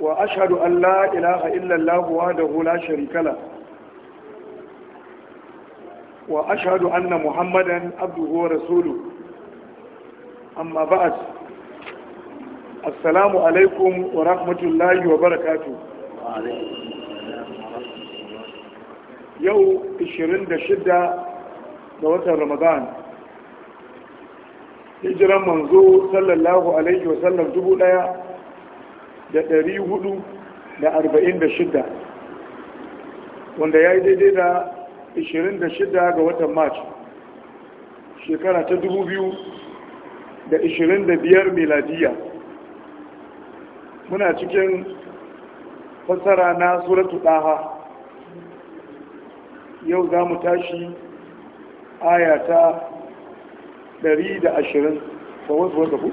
wa ashadu an la ilaha illallah wahdahu la sharika la wa ashadu anna muhammadan abduhu wa rasulu amma ba'd assalamu alaikum wa rahmatullahi wa barakatuh yau 26 ga watan ramadan hijiran manzo sallallahu alaihi wa sallam dubu ɗaya. da ɗari hudu da arba'in da shida wanda ya yi daidai da ishirin da shida ga watan march shekara ta dubu biyu da ishirin da biyar meladiya muna cikin fasara na suratu ɗaha yau za mu tashi aya ta 120 ta wasu wasu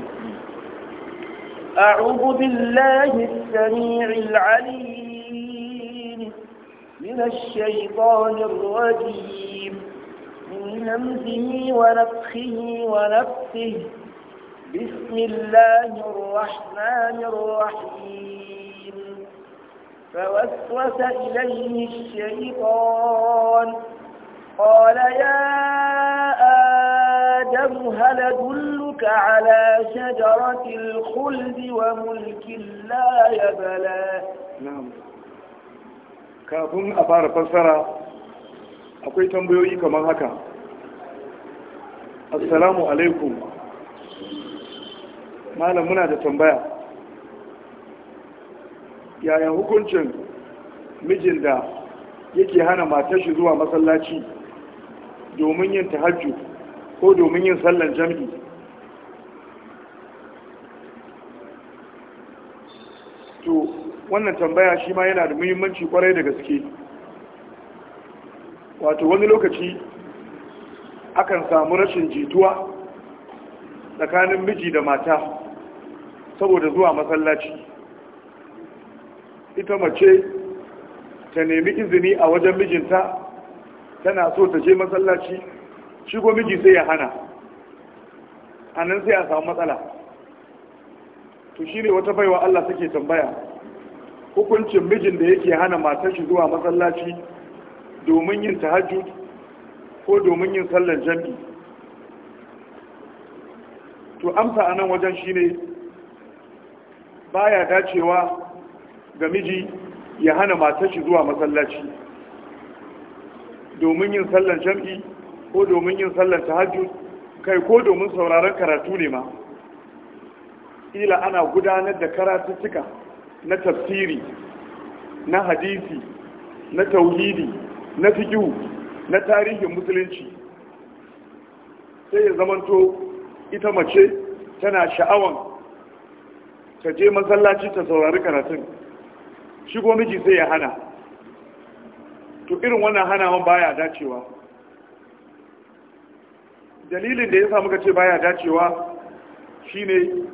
أعوذ بالله السميع العليم من الشيطان الرجيم من همزه ونفخه ونفسه بسم الله الرحمن الرحيم فوسوس إليه الشيطان قال ربك على شجرة الخلد وملك لا يبلى نعم kafin a fara fassara akwai tambayoyi kamar haka assalamu alaikum malam muna da tambaya yaya hukuncin mijin da yake hana matar shi zuwa masallaci domin yin tahajju ko domin yin sallar jam'i wannan tambaya shi ma yana da muhimmanci kwarai da gaske wato wani lokaci akan samu rashin jituwa tsakanin miji da mata saboda zuwa masallaci ita mace ta nemi izini a wajen mijinta tana so ta je masallaci shi ko miji sai ya hana a nan sai a samu matsala to shi ne wata baiwa Allah suke tambaya hukuncin mijin da yake hana matar shi zuwa masallaci domin yin tahajjud ko domin yin sallar jami'i to amsa a nan wajen shine baya dacewa ga miji ya hana matar shi zuwa masallaci domin yin sallar jami'i ko domin yin sallar tahajjud kai ko domin sauraron karatu ne ma ila ana gudanar da karatuttuka na tafsiri na hadisi na tauhidi na fikihu na tarihin musulunci sai ya zamanto ita mace tana sha'awan ta je masallaci ta saurari karatun shigo miji sai ya hana to irin wannan hanawan baya dacewa dalilin da ya sa muka ce baya dacewa shine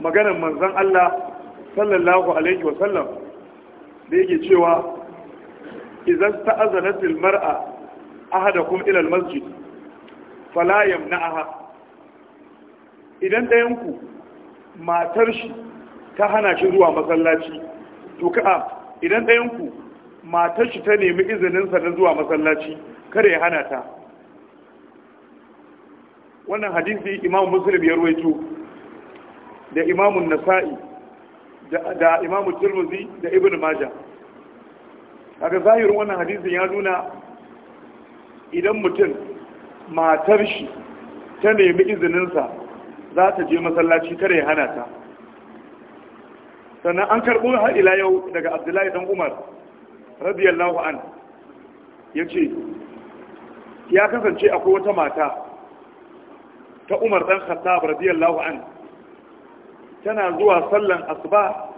maganar manzon Allah sallallahu alaihi wa sallam da yake cewa idan ta'azanatil mar'a ahadakum ila almasjid fala yamna'aha idan dayan ku matar shi ta hana shi zuwa masallaci to ka'a idan dayan ku matar shi ta nemi izinin sa na zuwa masallaci kada ya hana ta wannan hadisi imam muslim ya ruwaito da imamun nasa'i da imamu tirmidhi da ibn maja kaga zahirin wannan hadisin ya nuna idan mutum matar shi ta nemi izininsa za ta je masallaci kada ya hana ta sannan an karɓo har ila yau daga abdullahi dan umar radiyallahu an ya ce ya kasance akwai wata mata ta umar dan khattab radiyallahu an tana zuwa sallan asuba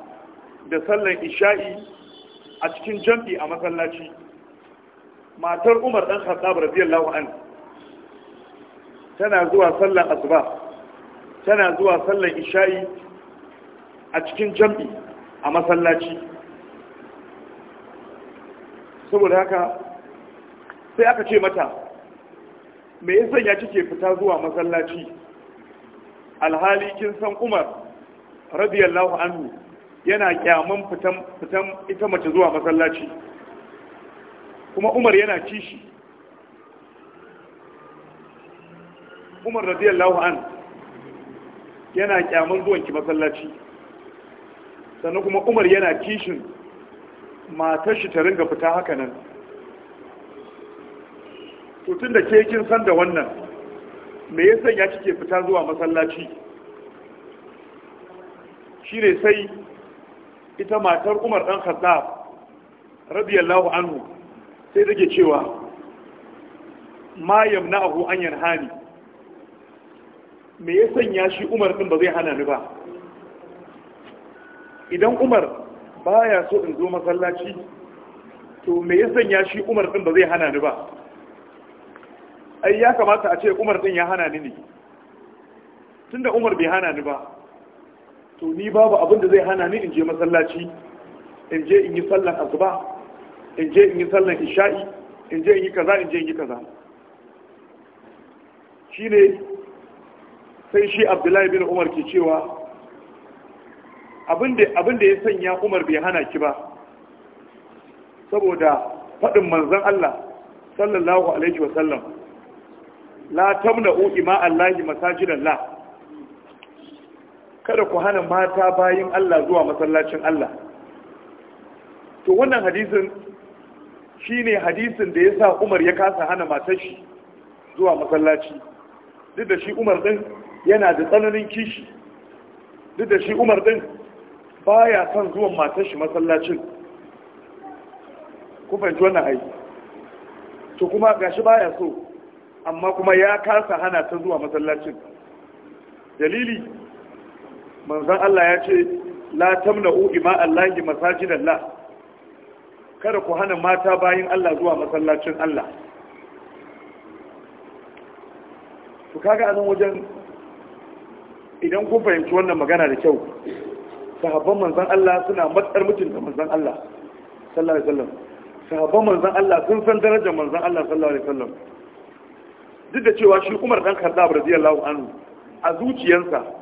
da sallan isha'i a cikin jam'i a masallaci matar umar ɗan khattab radiyallahu an tana zuwa sallan asuba tana zuwa sallan isha'i a cikin jam'i a masallaci saboda haka sai aka ce mata me yasa ya kike fita zuwa masallaci alhali kin san umar radiyallahu anhu yana kyaman fitan fitan ita mace zuwa masallaci kuma Umar yana kishi Umar radiyallahu anhu yana kyaman zuwanki ki masallaci sannan kuma Umar yana kishin matar shi ta ringa fita haka nan to da ke kin san da wannan me yasa ya kike fita zuwa masallaci Shi ne sai ita matar Umar ɗan Khattab radiyallahu anhu sai take cewa ma yamna'ahu an yanhani me ya sanya shi Umar din ba zai hana ni ba idan Umar baya so in zo masallaci to me ya sanya shi Umar din ba zai hana ni ba ai ya kamata a ce Umar din ya hana ni ne tunda Umar bai hana ni ba to ni babu abin da zai hana ni in je masallaci in je in yi sallan asuba in je in yi sallan isha'i in je in yi kaza in je in yi kaza Shi ne sai shi abdullahi bin umar ke cewa abin da ya sanya umar bai hana ki ba saboda faɗin manzan Allah sallallahu alaihi wasallam la tamna'u ima masajidan la. kada ku hana mata bayin Allah zuwa masallacin Allah to wannan hadisin shine hadisin da ya sa Umar ya kasa hana matar shi zuwa masallaci duk da shi Umar din yana da tsananin kishi duk da shi Umar din baya son zuwan matar shi masallacin ku fahimci wannan ai to kuma gashi baya so amma kuma ya kasa hana ta zuwa masallacin dalili manzan Allah ya ce la tamna'u ima Allahi masajid Allah kada ku hana mata bayin Allah zuwa masallacin Allah to kaga anan wajen idan kun fahimci wannan magana da kyau sahabban manzan Allah suna matsar mutunta manzan Allah sallallahu alaihi wasallam sahabban manzan Allah sun san darajar manzan Allah sallallahu alaihi wasallam duk da cewa shi Umar dan Khattab radiyallahu anhu a zuciyarsa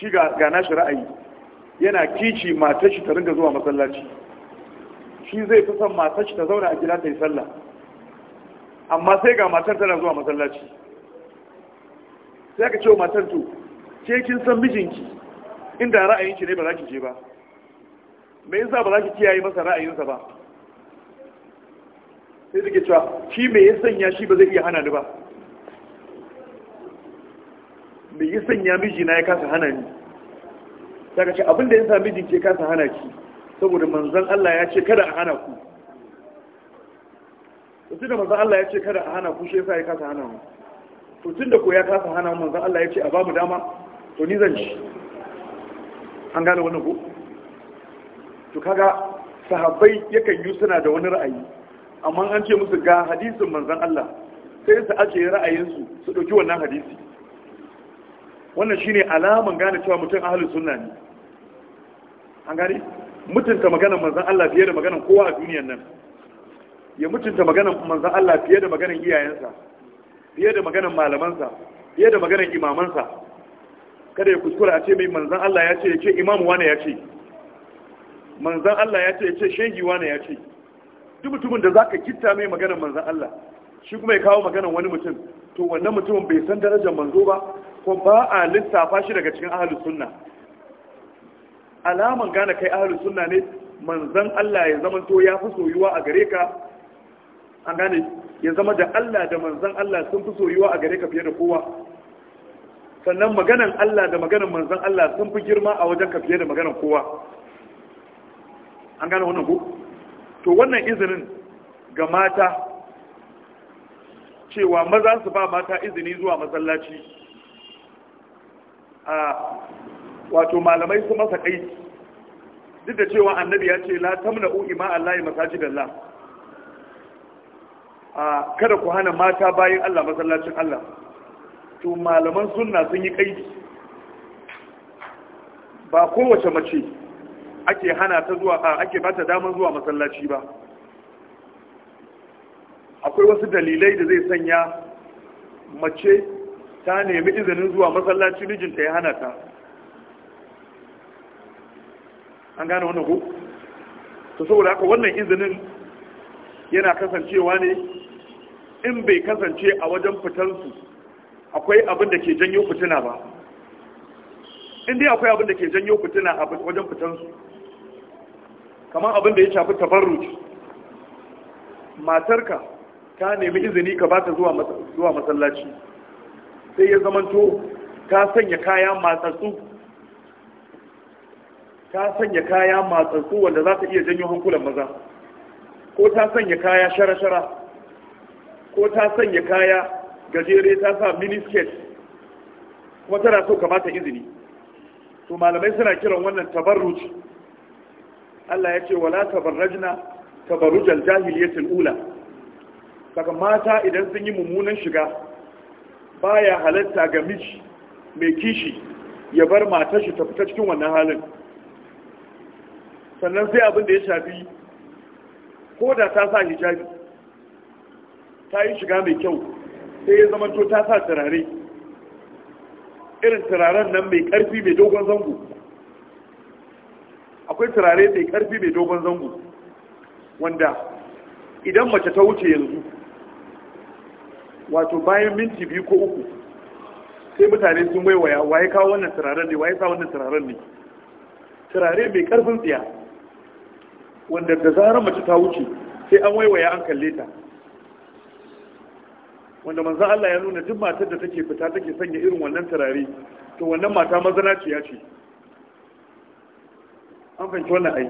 shi ga nashi ra'ayi yana kici matar shi ta ringa zuwa masallaci shi zai fi son matar shi ta zauna a gida ta yi sallah amma sai ga matar tana zuwa masallaci sai ka ce wa matar to ke kin san mijinki inda ra'ayinki ne ba za ki je ba me yasa ba za ki kiyaye masa ra'ayinsa ba sai suke cewa shi me ya sanya shi ba zai iya hana ni ba me yi sanya mijina ya kasa hana ni daga ce abinda ya sa mijin ke kasa hana ki saboda manzan Allah ya ce kada a hana ku tun da manzan Allah ya ce kada a hana ku shi yasa ya kasa hana mu to tun da ko ya kasa hana mu manzan Allah ya ce a babu dama to ni zan ci an gane wannan ko to kaga sahabbai yakan yi suna da wani ra'ayi amma an ce musu ga hadisin manzan Allah sai su ajiye ra'ayinsu su ɗauki wannan hadisi wannan shine alaman gane cewa mutum ahlus sunna ne an gane mutunta maganar manzon Allah fiye da maganar kowa a duniyar nan ya mutunta maganar manzon Allah fiye da maganar iyayensa fiye da maganar malamansa fiye da maganar imamansa kada ya kuskura a ce mai manzon Allah ya ce ya ce imamu wane ya ce manzon Allah ya ce ya ce shehi wane ya ce duk mutumin da zaka kitta mai maganar manzon Allah shi kuma ya kawo maganar wani mutum to wannan mutumin bai san darajar manzo ba ko ba a lissafa shi daga cikin ahalus sunna alaman gane kai ahalus sunna ne manzan Allah ya zama to ya fi soyuwa a gare ka an gane ya zama da Allah da manzan Allah sun fi soyuwa a gare ka fiye da kowa sannan maganan Allah da maganan manzan Allah sun fi girma a wajen ka fiye da maganan kowa an gane wannan ko to wannan izinin ga mata cewa maza su ba mata izini zuwa masallaci a wato malamai su masa kai duk da cewa annabi ya ce la tamna'u ima Allah masajidallah a kada ku hana mata bayan Allah masallacin Allah to malaman sunna sun yi kai ba kowace mace ake hana ta zuwa a ake bata daman zuwa masallaci ba akwai wasu dalilai da zai sanya mace ta nemi izinin zuwa masallaci mijinta ya hana ta an gane wannan ko ta saboda haka wannan izinin yana kasancewa ne in bai kasance a wajen fitansu akwai abin da ke janyo fitina ba in dai akwai abin da ke janyo fitina a wajen fitansu kamar abin da ya shafi tabarruci matarka ta nemi izini ka ba ta zuwa masallaci sai ya zamanto ka sanya kaya matsatsu ka sanya kaya matsatsu wanda za ta iya janyo hankulan maza ko ta sanya kaya shara-shara ko ta sanya kaya gajere ta sa miniskets kuma tana so kamata izini to malamai suna kiran wannan tabarruj Allah ya ce wala tabarrajna tabarrujal jahiliyatul ula saka mata idan sun yi mummunan shiga baya halatta ga miji mai kishi ya bar matar shi ta fita cikin wannan halin sannan sai abin da ya shafi ko da ta sa hijabi ta yi shiga mai kyau sai ya zama to ta sa turare irin turaren nan mai karfi mai dogon zango akwai turare mai karfi mai dogon zango wanda idan mace ta wuce yanzu wato bayan minti biyu ko uku sai mutane sun waiwaya waye kawo wannan turaren ne waye sa wannan turaren ne turare mai karfin tsiya wanda da zarar mace ta wuce sai an waiwaya an kalle ta wanda manzo Allah ya nuna duk matar da take fita take sanya irin wannan turare to wannan mata mazana ce ya ce an fahimci wannan ai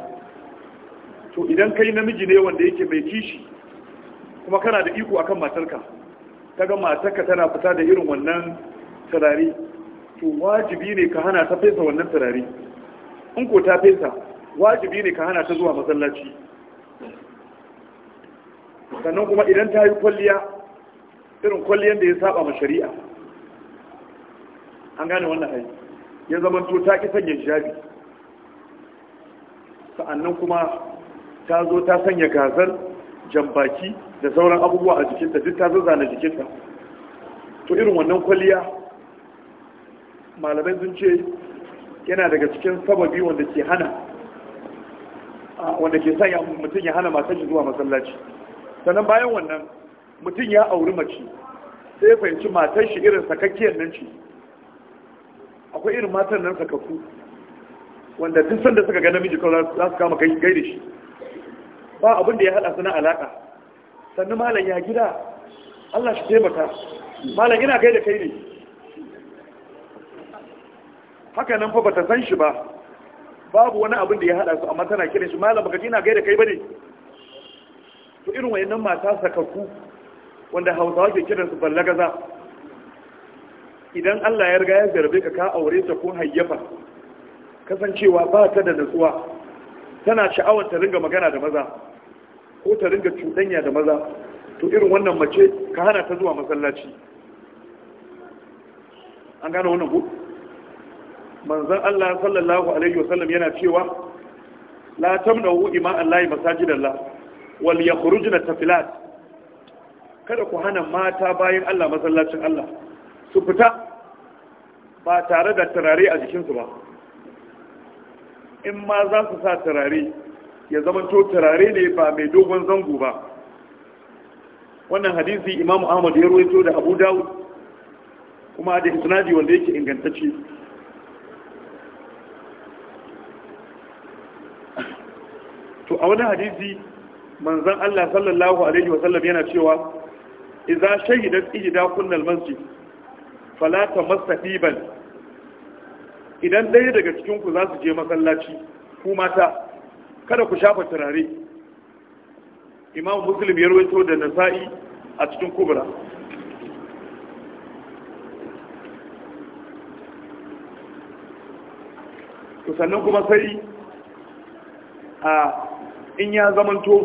to idan kai namiji ne wanda yake mai kishi kuma kana da iko akan matarka kaga matarka tana fita da irin wannan turare to wajibi ne ka hana ta fesa wannan turare in ko ta fesa wajibi ne ka hana ta zuwa masallaci sannan kuma idan ta yi kwalliya irin kwalliyan da ya saba ma shari'a an gane wannan ai ya zama to ta ki sanya hijabi sa'annan kuma ta zo ta sanya gazar jambaki da sauran abubuwa a jikinta duk ta zazzana jikinta to irin wannan kwalliya malamai sun ce yana daga cikin sababi wanda ke hana wanda ke sanya mutum ya hana matashi zuwa masallaci sannan bayan wannan mutum ya auri mace sai fahimci matashi irin sakakkiyar nan ce akwai irin matan nan sakakku wanda duk sanda suka ga namiji kawai za su kama gai gaida shi ba abin da ya hada su na alaka sannu malam ya gida Allah shi taimaka malam ina kai da kai ne haka nan fa bata san shi ba babu wani abin da ya hada su amma tana kiran shi malam baka ina kai da kai bane to irin wayannan mata sakakku wanda Hausawa ke kiransu ballagaza idan Allah ya riga ya zarbe ka ka aure ta ko hayyafa kasancewa ba ta da natsuwa tana sha'awar ta ringa magana da maza ko ta ringa cuɗanya da maza to irin wannan mace ka hana ta zuwa masallaci an gane wannan ku manzan Allah sallallahu alaihi wasallam yana cewa la tamna'u ima Allah masajidallah wal yakhrujna tafilat kada ku hana mata bayan Allah masallacin Allah su fita ba tare da turare a jikinsu ba in ma za su sa turare ya zama zamanto turare ne ba mai dogon zango ba wannan hadisi imamu ahmad ya ruwaito da abu dawud kuma da isnadi wanda yake ingantacce to a wani hadisi manzan Allah sallallahu alaihi wasallam yana cewa idza shahidat ijda kunnal masjid fala tamastaqiban idan ɗaya daga cikin ku za su je masallaci ku mata kada ku shafa turare imam muslim ya rawaito da nasa'i a cikin kubra sannan kuma sai a in ya zamanto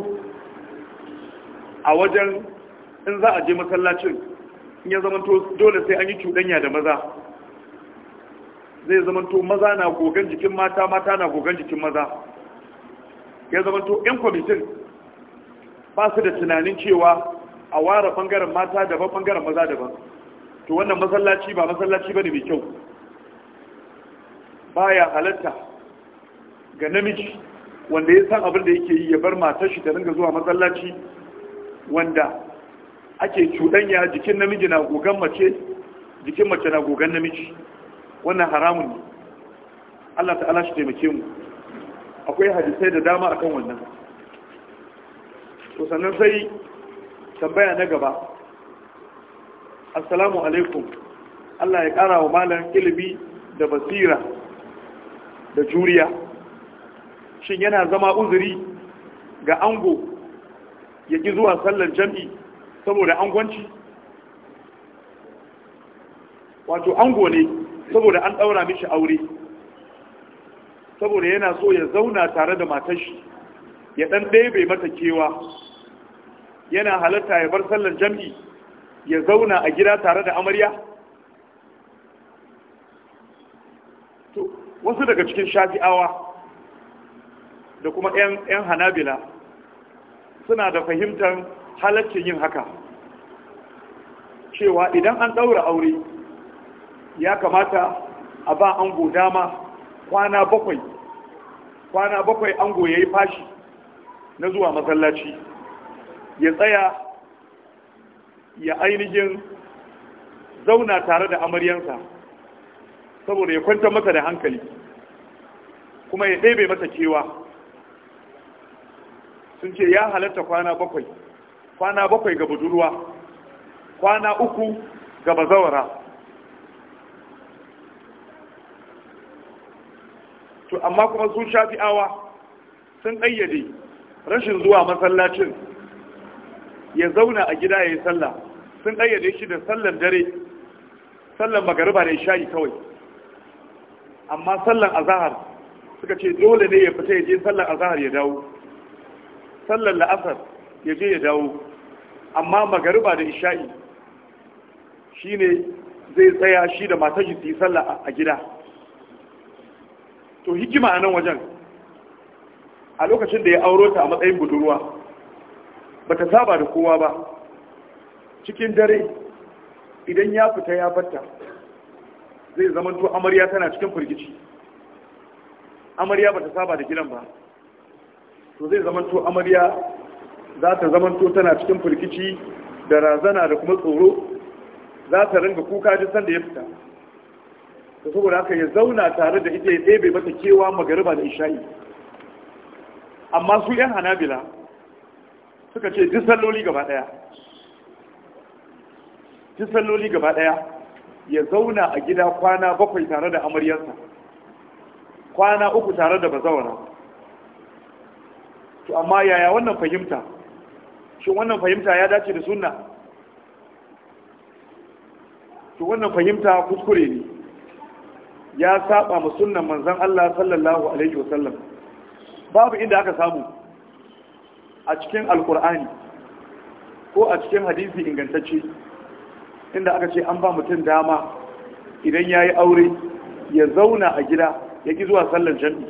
a wajen in za a je masallacin in ya zamanto dole sai an yi cuɗanya da maza zai zamanto maza na gogan jikin mata mata na gogan jikin maza ya zama yan kwamitin ba su da tunanin cewa a ware bangaren mata daban bangaren maza daban to wannan masallaci ba masallaci ba ne mai kyau Ba ya halatta ga namiji wanda ya san abin da yake yi ya bar matar shi ta ringa zuwa masallaci wanda ake cuɗanya jikin namiji na gogan mace jikin mace na gogan namiji wannan haramun ne Allah ta'ala shi taimake mu akwai hadisai da dama akan wannan to sannan sai tambaya na gaba assalamu alaikum Allah ya kara wa malam ilimi da basira da juriya shin yana zama uzuri ga ango ya ki zuwa sallar jam'i saboda angwanci wato ango ne saboda an daura mishi aure saboda yana so ya zauna tare da matar shi ya dan ɗebe mata kewa yana halatta ya bar sallar jam'i ya zauna a gida tare da amarya wasu daga cikin shafi'awa da kuma 'yan hanabila suna da fahimtar halaccin yin haka cewa idan an ɗaura aure ya kamata a ba ango dama kwana bakwai kwana bakwai ango ya yi fashi na zuwa masallaci ya tsaya ya ainihin zauna tare da amaryansa saboda ya kwanta mata da hankali kuma ya ɗebe mata kewa sun ce ya halatta kwana bakwai kwana bakwai ga budurwa kwana uku ga bazawara to amma kuma shafi shafi'awa sun ƙayyade rashin zuwa masallacin ya zauna a gida ya yi sallah sun ƙayyade shi da sallan dare sallan magariba da shayi kawai amma sallan azahar suka ce dole ne ya fita ya je sallan azahar ya dawo sallan la'asar ya je ya dawo amma magariba da isha'i shine zai tsaya shi da su yi sallah a gida to hikima a nan wajen a lokacin da ya auro ta a matsayin budurwa ba ta saba da kowa ba cikin dare idan ya fita ya batta zai zamanto amarya tana cikin firgici amarya ba ta saba da gidan ba to zai zamanto amarya za ta zamanto tana cikin firgici da razana da kuma tsoro za ta ringa kuka duk sanda ya fita da saboda haka ya zauna tare da ita ya ɗebe mata kewa magariba da isha'i amma su 'yan hanabila suka ce duk salloli gaba ɗaya duk salloli gaba ɗaya ya zauna a gida kwana bakwai tare da amaryarsa kwana uku tare da bazawara to amma yaya wannan fahimta shi wannan fahimta ya dace da sunna to wannan fahimta kuskure ya saba mu sunnan manzon Allah sallallahu alaihi wasallam babu inda aka samu a cikin alkur'ani ko a cikin hadisi ingantacce inda aka ce an ba mutum dama idan yayi aure ya zauna a gida ya ki zuwa sallar jami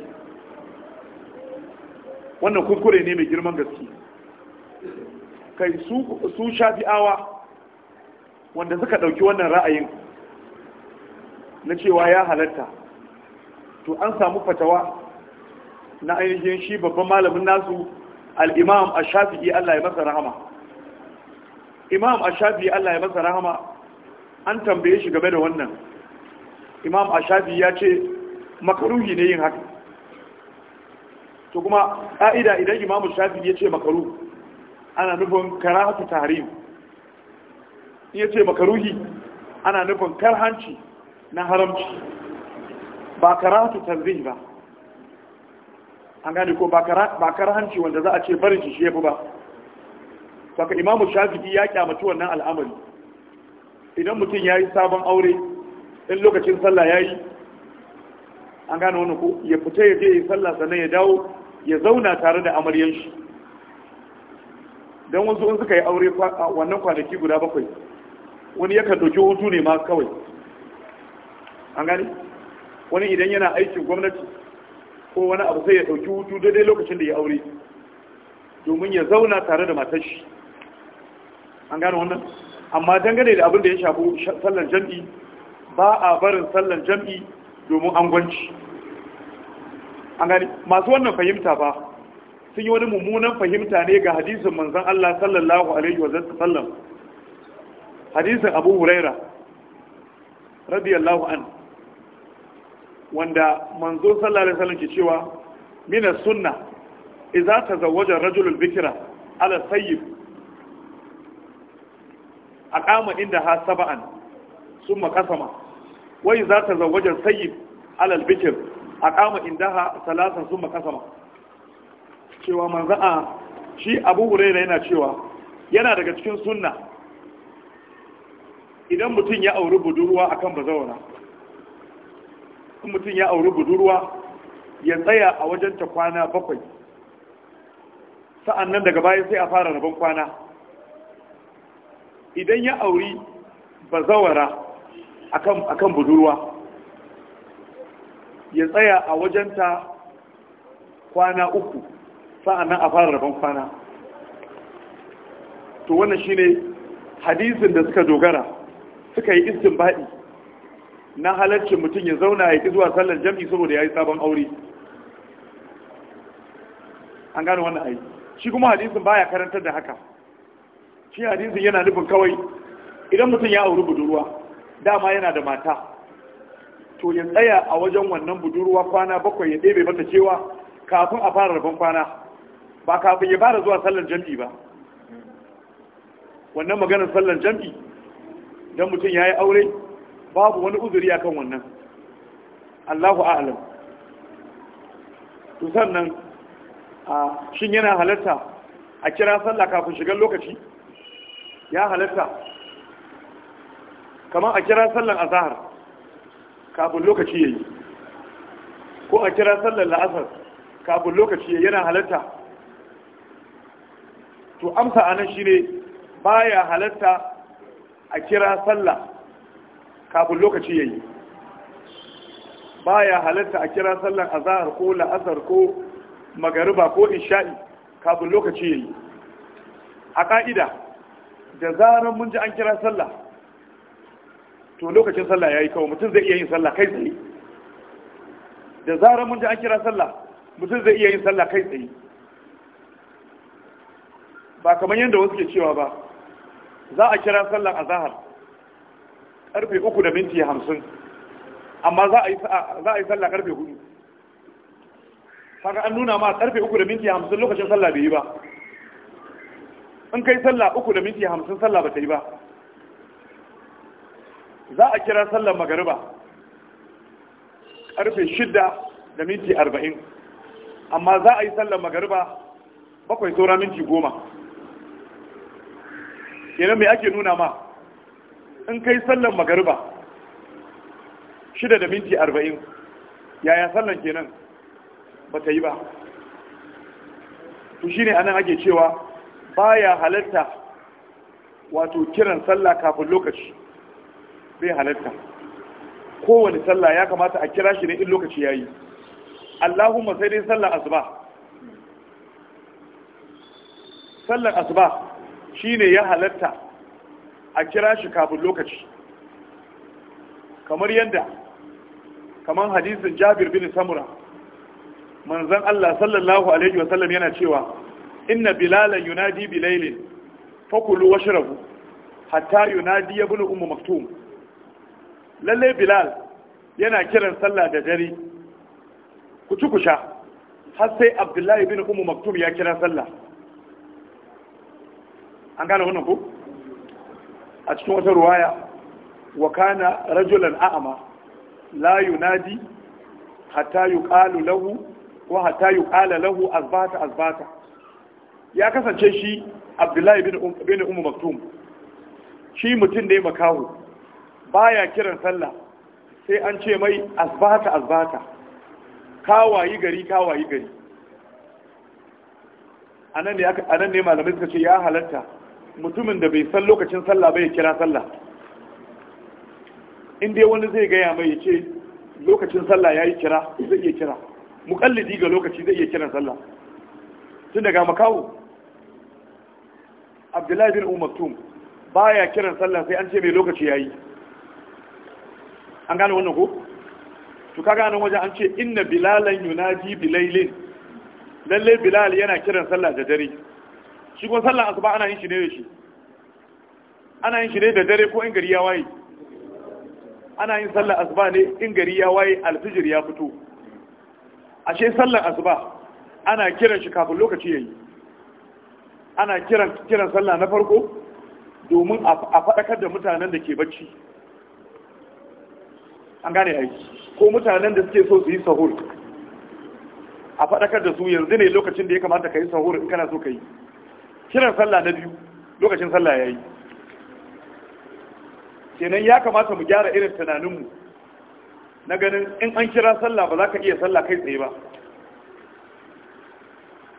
wannan kuskure ne mai girman gaske kai su shafi'awa wanda suka ɗauki wannan ra'ayin na cewa ya halatta to an samu fatawa na ainihin shi babban malamin nasu al'imam a shafi'i Allah ya masa rahama imam a shafi'i Allah ya masa rahama an tambaye shi game da wannan imam a shafi'i ya ce makaruhi ne yin haka to kuma ƙa'ida idan imam shafi'i ya ce makaru ana nufin karahatu tahrim ya ce makaruhi ana nufin karhanci na haramci ba karatu tanzih ba an gane ko ba hanci wanda za a ce barin shi shi ba saka imamu shafi'i ya kyamatu wannan al'amari idan mutum ya yi sabon aure in lokacin sallah ya yi an gane wani ko ya fita ya je yi sallah sannan ya dawo ya zauna tare da amaryan shi don wasu in suka yi aure wannan kwanaki guda bakwai wani yakan ɗauki hutu ne ma kawai an gani wani idan yana aikin gwamnati ko wani abu sai ya ɗauki hutu daidai lokacin da ya aure domin ya zauna tare da matar shi an gani wannan amma dangane da abin da ya shafi sallan jam'i ba a barin sallan jam'i domin angwanci an gani masu wannan fahimta ba sun yi wani mummunan fahimta ne ga hadisin manzan Allah sallallahu alaihi wa sallam hadisin Abu Huraira radiyallahu anhu wanda manzo sallallahu alaihi wasallam ke cewa mina sunna idza tazawwaja rajulul bikra ala sayyib aqama inda ha sab'an summa qasama wa idza tazawwaja sayyib ala al-bikr aqama ha thalathan summa qasama cewa manzo a shi Abu Hurairah yana cewa yana daga cikin sunna idan mutum ya auri budurwa akan bazawara in mutum ya auri budurwa ya tsaya a wajen ta kwana bakwai sa'an nan daga baya sai a fara rabon kwana idan ya auri bazawara kan budurwa ya tsaya a wajenta kwana uku sa'an nan a fara rabon kwana to wannan shine hadisin da suka dogara suka yi istin baɗi na halarci mutum ya zauna ya ki zuwa sallar jam'i saboda ya yi sabon aure an gano wannan ayi shi kuma hadisin baya karantar da haka shi hadisin yana nufin kawai idan mutum ya auri budurwa dama yana da mata to ya tsaya a wajen wannan budurwa kwana bakwai ya ɗebe mata cewa kafin a fara rabon kwana ba kafin ya fara zuwa sallar jam'i ba wannan maganar sallar jam'i don mutum ya yi aure babu wani uzuri akan wannan Allahu a'lam to sannan a shin yana halatta a kira sallah kafin shigar lokaci ya halatta kamar a kira sallan azhar kafin lokaci yayi ko a kira sallan la'asar kafin lokaci yayi yana halatta to amsa anan shine baya halatta a kira sallah kafin lokaci ya yi ba ya halatta a kira a azahar ko la'asar ko magariba ko isha'i kafin lokaci ya yi a ƙa'ida da zarar mun ji an kira sallah to lokacin sallah ya yi kawo mutum zai iya yin sallah kai tsaye da zarar mun ji an kira sallah mutum zai iya yin sallah kai tsaye ba kamar yadda wasu ke cewa ba za a kira sallah a zahar. karfe uku da minti hamsin amma za a yi sallah karfe hudu saka an nuna ma karfe uku da minti hamsin lokacin sallah bai yi ba in kai sallah uku da minti hamsin sallah ba ta yi ba za a kira sallar magariba karfe shida da minti arba'in amma za a yi sallar magariba bakwai saura minti goma kenan mai ake nuna ma in kai sallan magariba shida da minti arba'in yaya sallan kenan ba ta yi ba to shine anan ake cewa baya halatta wato kiran sallah kafin lokaci bai halatta kowane sallah ya kamata a kira shi ne in lokaci ya yi allahumma sai dai sallar asuba sallar asuba shine ya halatta a kira shi kafin lokaci kamar yadda kamar hadisin jabir bin samura manzan Allah sallallahu alaihi wasallam yana cewa inna bilalan yunadi bilailin fakulu washrabu hatta yunadi ibn umu maktum lalle bilal yana kiran sallah da dare ku ci ku sha har sai abdullahi bin umu maktum ya kira sallah an gane wannan ku? a cikin wata ruwaya wa kana rajulan a'ama la yunadi hatta yuqalu lahu wa hatta yuqala lahu azbata azbata ya kasance shi abdullahi bin um, ummu maktum shi mutum ne makaho baya kiran sallah sai an ce mai azbata azbata kawayi gari kawayi gari anan ne malamai suka ce ya halatta mutumin da bai san lokacin sallah bai kira sallah in dai wani zai gaya mai ya ce lokacin sallah ya yi kira zai iya kira mukallidi ga lokaci zai iya kiran sallah tun daga makawo abdullahi bin umartum ba ya kiran sallah sai an ce mai lokaci ya yi an gane wannan ko? to ka gane wajen an ce inna bilalan yunaji bilailin lallai bilal yana kiran sallah da dare shi kuma sallar asuba ana yin shi ne da shi ana yin shi ne da dare ko in gari ya waye ana yin sallar asuba ne in gari ya waye alfijir ya fito ashe sallar asuba ana kiran shi kafin lokaci yayi ana kiran kiran sallah na farko domin a faɗakar da mutanen da ke bacci an gane aiki ko mutanen da suke so su yi sahur a faɗakar da su yanzu ne lokacin da ya kamata ka yi sahur in kana so ka yi kiran sallah na biyu lokacin sallah ya yi kenan ya kamata mu gyara irin tunaninmu na ganin in an kira sallah ba za ka iya sallah kai tsaye ba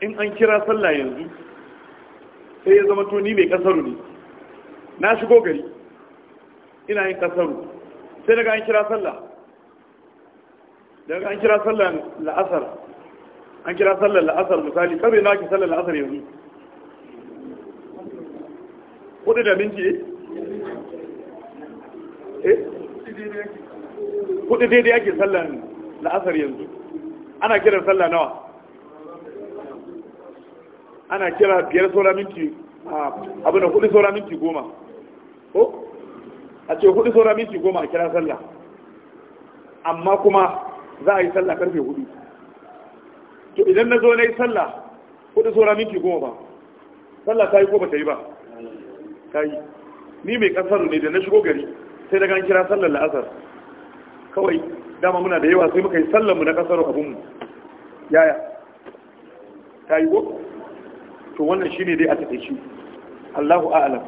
in an kira sallah yanzu sai ya zama to ni mai kasaru ne na shigo gari ina yin kasaru sai daga an kira sallah daga an kira sallah la'asar an kira sallah la'asar misali kabe na ake sallah la'asar yanzu hudu da minti eh hudu eh? daidai ake sallan la'asar yanzu ana kira sallah nawa ana kira biyar saura minti abu da hudu saura minti goma ko a ce hudu saura minti goma a kira sallah amma kuma za a yi sallah karfe hudu to idan na zo na yi sallah hudu saura minti goma ba sallah ta yi ko ba ta yi ba kai ni mai kasar ne da na shigo gari sai daga an kira sallar la'asar kawai dama muna da yawa sai muka yi sallar mu na kasar abinmu yaya ta yi to wannan shine dai a takaici Allahu a'alam.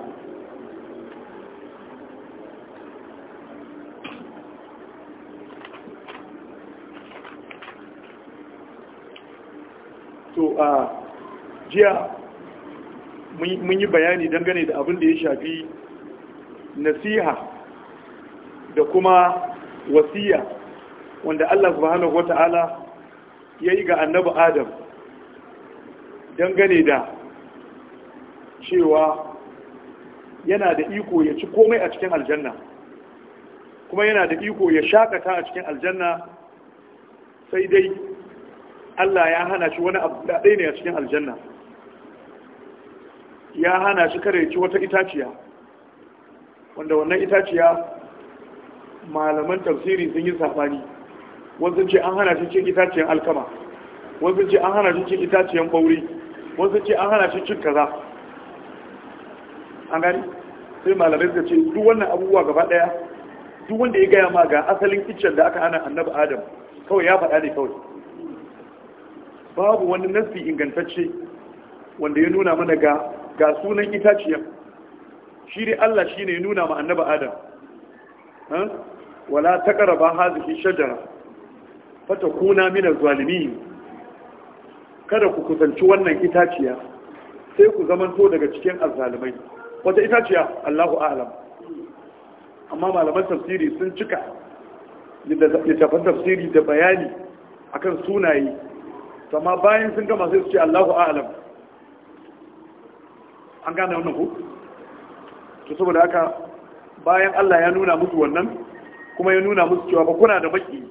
to a jiya mun yi bayani dangane da abin da ya shafi nasiha da kuma wasiya wanda Allah subhanahu wata'ala ya yi ga annabi Adam dangane da cewa yana da iko ya ci komai a cikin aljanna kuma yana da iko ya shakata a cikin aljanna sai dai Allah ya hana shi wani abu da ɗaya ne a cikin aljanna ya hana shi kare ci wata itaciya wanda wannan itaciya malaman tafsiri sun yi safani wasu ce an hana shi cin itaciyar alkama wasu ce an hana shi cin itaciyar bauri wasu ce an hana shi cin kaza an gani sai malamai ta ce duk wannan abubuwa gaba daya duk wanda ya gaya ma ga asalin iccen da aka hana annabi adam kawai ya faɗa ne kawai babu wani nasi ingantacce wanda ya nuna mana ga ga sunan itaciyar shi ne Allah shi ne nuna ma annaba adam wala ta ƙaraba hazihi shajara fata kuna mina zalimi kada ku kusanci wannan itaciya sai ku zamanto daga cikin azalimai. wata itaciya Allahu alam amma malaman tafsiri sun cika tafan tafsiri da bayani akan sunaye sama bayan sun gama sai su ce Allahu alam an gane wannan ko to saboda haka bayan Allah ya nuna musu wannan kuma ya nuna musu cewa ba kuna da baki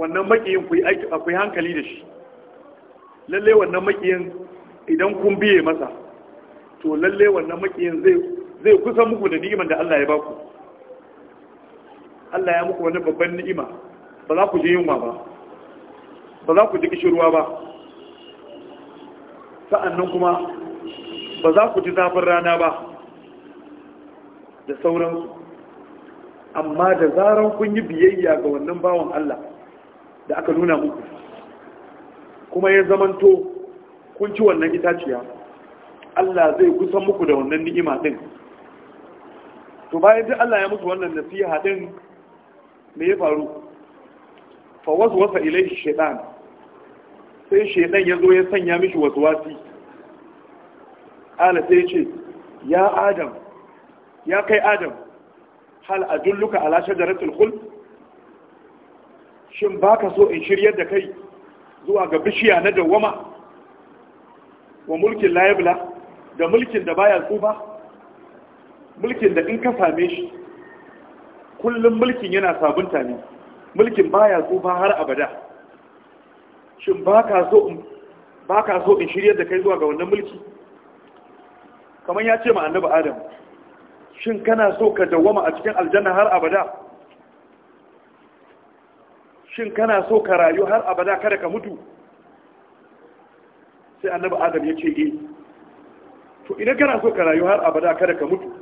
wannan makiyin ku yi aiki akwai hankali da shi lalle wannan makiyin idan kun biye masa to lalle wannan makiyin zai zai kusa muku da ni'imar da Allah ya baku Allah ya muku wani babban ni'ima ba za ku je yunwa ba ba za ku ji kishirwa ba sa'annan kuma ba za ku ji zafin rana ba da sauransu amma da zarar kun yi biyayya ga wannan bawan Allah da aka nuna muku kuma ya zamanto kun ci wannan itaciya Allah zai kusan muku da wannan ni'ima din to bayan duk Allah ya musu wannan nasiha din me ya faru fa waswasa ilayhi shaytan sai ya zo ya sanya mishi waswasi ala sai ce ya adam ya kai adam hal a dulluka ala shajaratul khul shin baka so in shiryar da kai zuwa ga bishiya na dawwama wa mulkin layabla da mulkin da baya tsufa mulkin da in ka same shi kullum mulkin yana sabunta ne mulkin baya tsufa har abada shin baka so in shiryar da kai zuwa ga wannan mulki kamar ya ce ma annabi adam shin kana so ka dawama a cikin aljanna har abada shin kana so ka rayu har abada kada ka mutu sai annabi adam ya ce eh to idan kana so ka rayu har abada kada ka mutu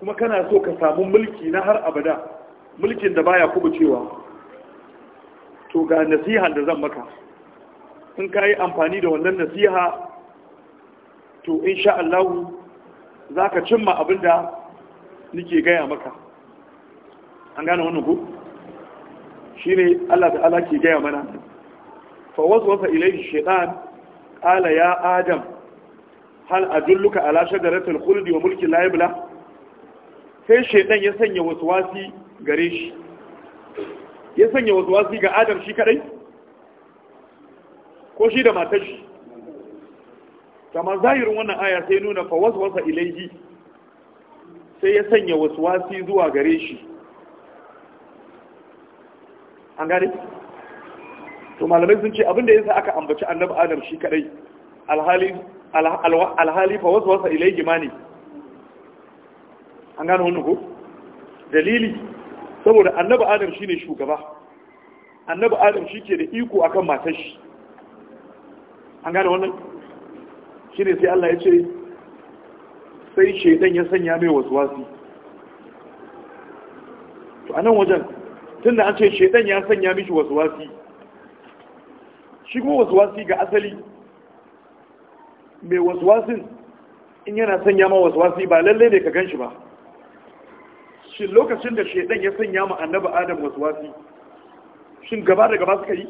kuma kana so ka samu mulki na har abada mulkin da baya kubucewa to ga nasiha da zan maka in ka yi amfani da wannan nasiha to sha Allah za ka cimma abin da nike gaya maka an gane wannan ku shi ne Allah da Allah ke gaya mana fawazwasa ilayhi shaitan ƙala ya adam hal adulluka ala shagaratul khuldi wa mulkin la yabla sai shaitan ya sanya wasu wasi gare shi ya sanya wasu wasi ga adam shi kadai ko shi da matashi? shi kama zahirin wannan aya sai nuna fa waswasa ilaihi sai ya sanya waswasi zuwa gare shi an gane to malamai sun ce abin da yasa aka ambaci annabi adam shi kadai alhali alhali fa waswasa ilaihi ma ne an gane wannan ko dalili saboda annabi adam shine shugaba annabi adam shi ke da iko akan matar shi an gane wannan ne sai Allah ya ce sai shaidan ya sanya mai waswasi to anan wajen tun da an ce shaidan ya sanya mishi waswasi shi kuma waswasi ga asali mai waswasin in yana sanya ma waswasi ba lalle ne ka ganshi ba shi lokacin da shaidan ya sanya ma annaba adam waswasi shin gaba da gaba suka yi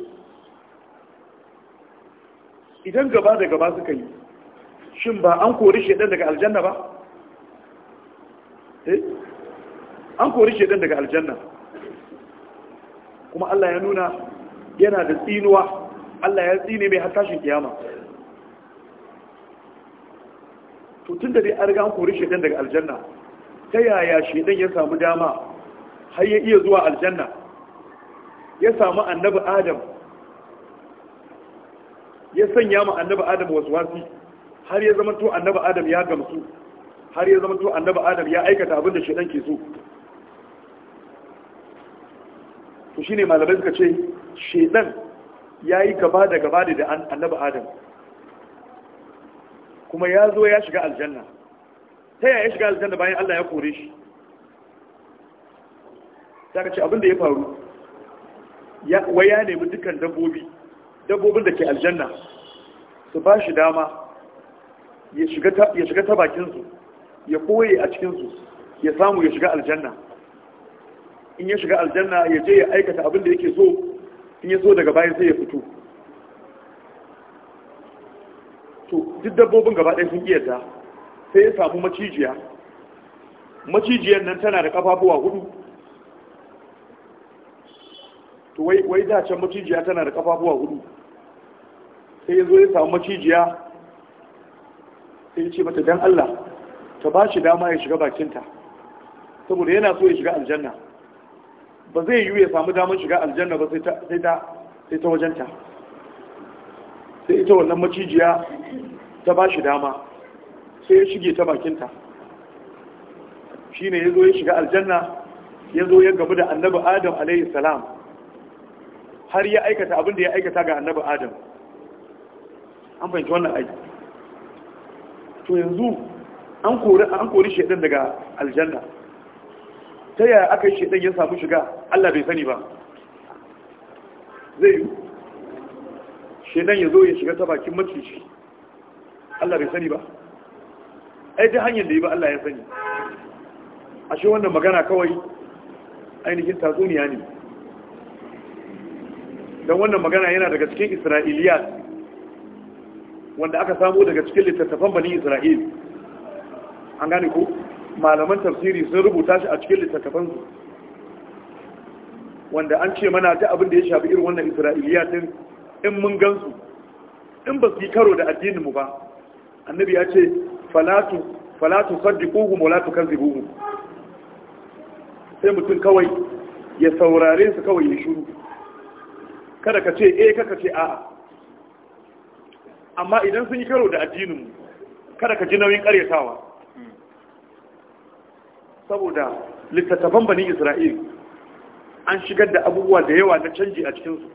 idan gaba da gaba suka yi shin ba an kori shaidan daga aljanna ba eh an kori shaidan daga aljanna kuma Allah ya nuna yana da tsinuwa Allah ya tsine mai har tashin kiyama to da dai an riga an kori shaidan daga aljanna ta yaya shaidan ya samu dama har ya iya zuwa aljanna ya samu annabi adam ya sanya ma annabi adam wasu wasi har ya zama to annabi adam ya gamsu har ya zama to annabi adam ya aikata abin da shedan ke so to shine malamai suka ce shedan yayi gaba da gaba da annabi adam kuma ya zo ya shiga aljanna ta yaya ya shiga aljanna bayan Allah ya kore shi ta ka ce abin da ya faru wai ya nemi dukkan dabbobi dabbobin da ke aljanna su ba shi dama ya shiga ta bakinsu ya koye a cikinsu ya samu ya shiga aljanna in ya shiga aljanna ya je ya aikata abin da yake so in ya so daga bayan sai ya fito to duk dabbobin gaba ɗaya sun iya ta, sai ya samu macijiya macijiyar nan tana da kafafuwa hudu to wai da can macijiya tana da kafafuwa hudu sai ya zo ya samu macijiya sai ce mata dan Allah ta ba shi dama ya shiga bakinta saboda yana so ya shiga aljanna ba zai yiwu ya samu damar shiga aljanna ba sai ta sai ta wajenta sai ita wannan macijiya ta ba shi dama sai ya shige ta bakinta Shi ne ya zo ya shiga aljanna ya zo ya gabu da annabi adam alaihi salam har ya aikata abin da ya aikata ga annabi adam an fahimci wannan aiki to yanzu an kori an kori shedan daga aljanna ta yaya aka yi shedan ya samu shiga Allah bai sani ba zai yi shedan ya zo ya shiga ta bakin macici Allah bai sani ba ai da hanyar da yi ba Allah ya sani ashe wannan magana kawai ainihin tatsuniya ne don wannan magana yana daga cikin isra'iliya wanda aka samu daga cikin littattafan bani isra'il an gane ko malaman tafsiri sun rubuta shi a cikin littattafansu wanda an ce mana ta abin da ya shafi irin wannan isra'iliya din in mun gansu in ba su yi karo da addinin mu ba annabi ya ce falatu falatu saddiquhum kan tukazzibuhum sai mutum kawai ya saurare su kawai ya shiru kada ka ce eh kaka ce a'a amma idan sun yi karo da addininmu kada ka ji nauyin karyatawa saboda littattafan bani isra'il an shigar da abubuwa da yawa na canji a cikinsu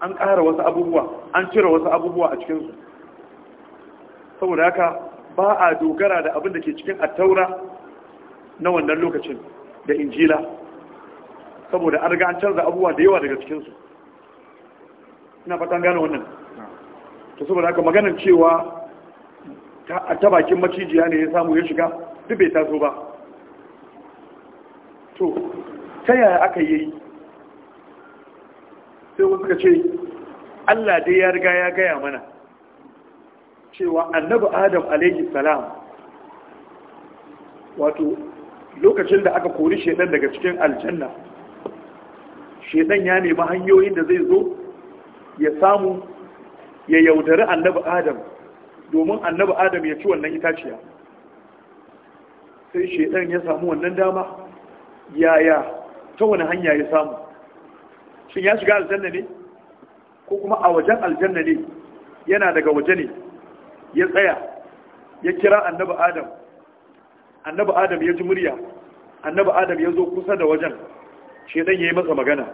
an ƙara wasu abubuwa an cire wasu abubuwa a cikinsu saboda haka ba a dogara da abin da ke cikin attaura na wannan lokacin da injila saboda an riga an canza abubuwa da yawa daga cikinsu ina fatan gane wannan to saboda haka maganar cewa a ta bakin macijiya ne ya samu ya shiga duk bai taso ba to ta yaya aka yi sai wasu ka ce allah dai ya riga ya gaya mana cewa annabi adam alaihi salam wato lokacin da aka kori shedan daga cikin aljanna shedan ya nemi hanyoyin da zai zo ya samu ya yaudari annabi adam domin annabi adam ya ci wannan itaciya sai shaidan ya samu wannan dama yaya ta wani hanya ya samu shin ya shiga aljanna ne ko kuma a wajen aljanna ne yana daga waje ne ya tsaya ya kira annabi adam annabi adam ya ji murya annabi adam ya zo kusa da wajen shaidan ya yi masa magana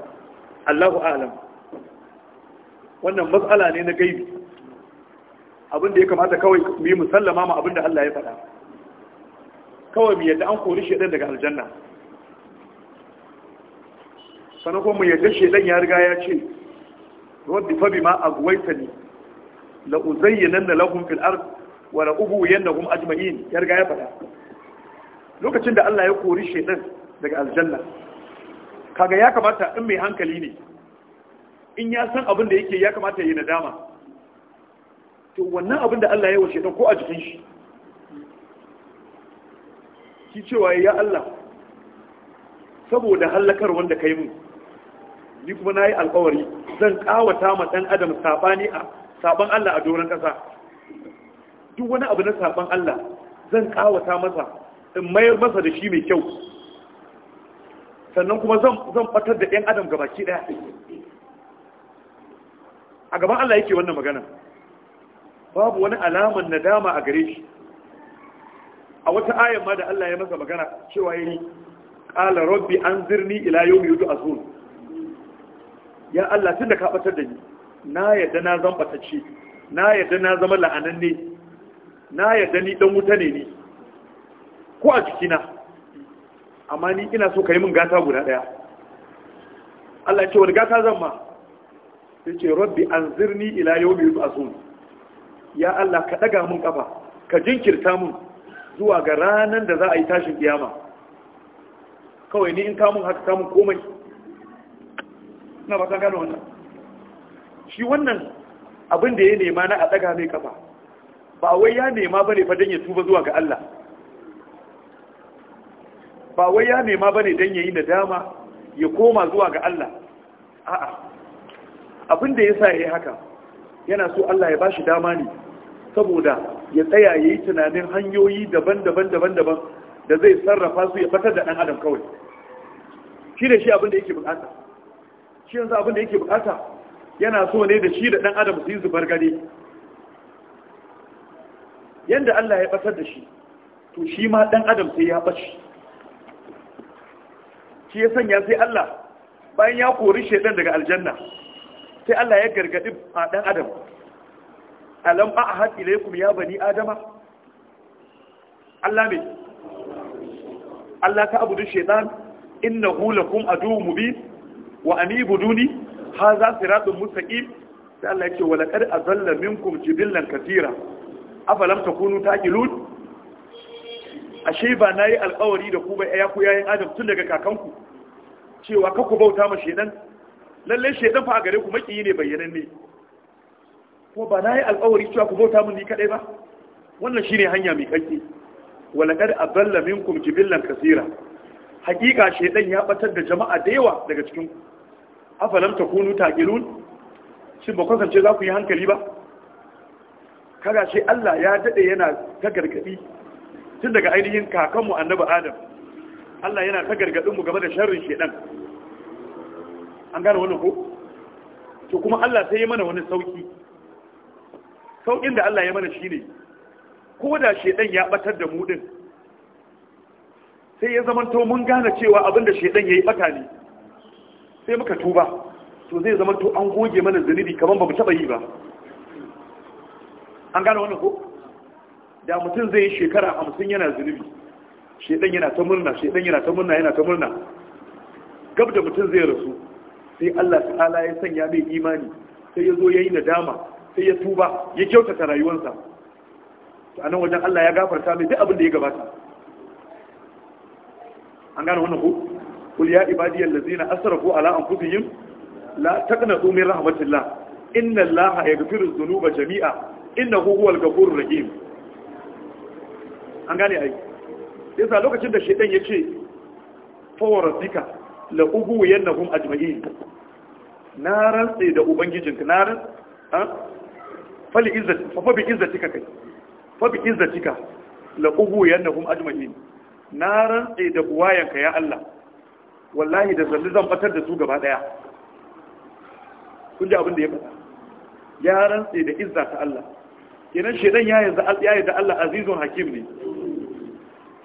allahu a'lamu wannan matsala ne na gaibi abin da ya kamata kawai mu yi musallama ma abin da Allah ya faɗa kawai mu yadda an kori shedan daga aljanna sannan kuma mu yadda shedan ya riga ya ce rabbi fa bima aghwaytani la uzayyinanna lahum fil ard wa la ubwiyannahum ajma'in ya riga ya faɗa lokacin da Allah ya kori shedan daga aljanna kaga ya kamata in mai hankali ne in ya san abin da yake ya kamata ya yi nadama to wannan abin da Allah ya wace ɗan ko a jikin shi ki cewa ya Allah saboda hallakar wanda yi mu ni kuma na yi alkawari zan kawata ma ɗan adam sabani a saban Allah a doron ƙasa. duk wani abu na sabon Allah zan kawata masa in mayar masa da shi mai kyau sannan kuma zan zan fatar da ɗan adam gabaki ɗaya a gaban Allah yake wannan magana babu wani alaman nadama a gare shi a wata ayan ma da Allah ya masa magana cewa ya yi ƙala rabbi zirni ila a zuwa ya Allah tun ka batar da ni na yadda na zan batacce na yadda na zama la'ananne na yadda ni dan wuta ne ni ko a jikina amma ni ina so ka yi min gata guda ɗaya. Allah ya ce wani gata zan ma sai ce rabbi anzirni ila yawmi yub'asun ya Allah ka daga mun kafa ka jinkirta mun zuwa ga ranan da za a yi tashin kiyama kawai ni in kamun haka kamun komai na ba ta gano wannan shi wannan abin da ya nema na a daga mai kafa ba wai ya nema bane fa dan ya tuba zuwa ga Allah ba wai ya nema bane dan yayi nadama ya koma zuwa ga Allah a'a abin da ya sa ya yi haka yana so Allah ya ba shi dama ne saboda ya tsaya ya yi tunanin hanyoyi daban-daban daban-daban da zai sarrafa su ya fatar da dan adam kawai shi da shi abin da yake bukata shi yanzu abin da yake bukata yana so ne da shi da dan adam su yi zubar gare Yadda Allah ya batar da shi to shi ma dan adam sai ya bace shi ya sanya sai Allah bayan ya kori shedan daga aljanna sai Allah ya gargadi a ɗan adam alam ahad ilaykum ya bani adama Allah me Allah ta abudu shaytan innahu lakum aduwwun mubin wa anibuduni hadha siratun mustaqim sai Allah yake wa laqad azalla minkum jibillan katira afalam takunu taqilun ashe ba na yi alƙawari da ku ba ya ku yayin adam tun daga kakanku cewa ka ku bauta ma shedan lalle shaidan fa a gare ku makiyi ne bayanan ne ko ba na yi alƙawari cewa ku bauta mun ni kadai ba wannan shine hanya mai kanki walaqad aballa minkum jibillan kaseera hakika shedan ya batar da jama'a da yawa daga cikin ku afalam takunu taqilun shin ba ku kasance za ku yi hankali ba kaga shi Allah ya dade yana ta gargadi tun daga ainihin kakanmu annabi Adam Allah yana ta gargadin mu game da sharrin shedan an gane wannan ko to kuma Allah sai ya mana wani sauki saukin da Allah ya mana shine ko da shedan ya batar da mu din sai ya zamanto mun gane cewa abinda shedan yayi bata ne sai muka tuba to zai zamanto an goge mana zunubi kaman ba mu taba yi ba an gane wannan ko da mutum zai yi shekara hamsin yana zunubi shedan yana ta murna shedan yana ta murna yana ta murna gab da mutum zai rasu sai Allah ta'ala ya sanya mai imani sai ya zo ya yi nadama sai ya tuba ya kyautata rayuwarsa a anan wajen Allah ya gafarta mai duk abin da ya gabata an gane wannan ko kul ya ibadiyal ladzina asrafu ala anfusihim la taqnatu min rahmatillah inna allaha yaghfiru dhunuba jami'a innahu huwal ghafurur rahim an gane ai yasa lokacin da shedan yace fawara zika la ubu yannahum ajma'in na rantse da ubangijinka na rantse fali izzati fa bi izzatika kai fa bi izzatika la ubu yannahum ajma'in na rantse da buwayanka ya Allah wallahi da zalli zan fatar da su gaba daya kun ji abin da ya faɗa ya rantse da izza ta Allah kenan shedan ya yarda Allah azizun hakim ne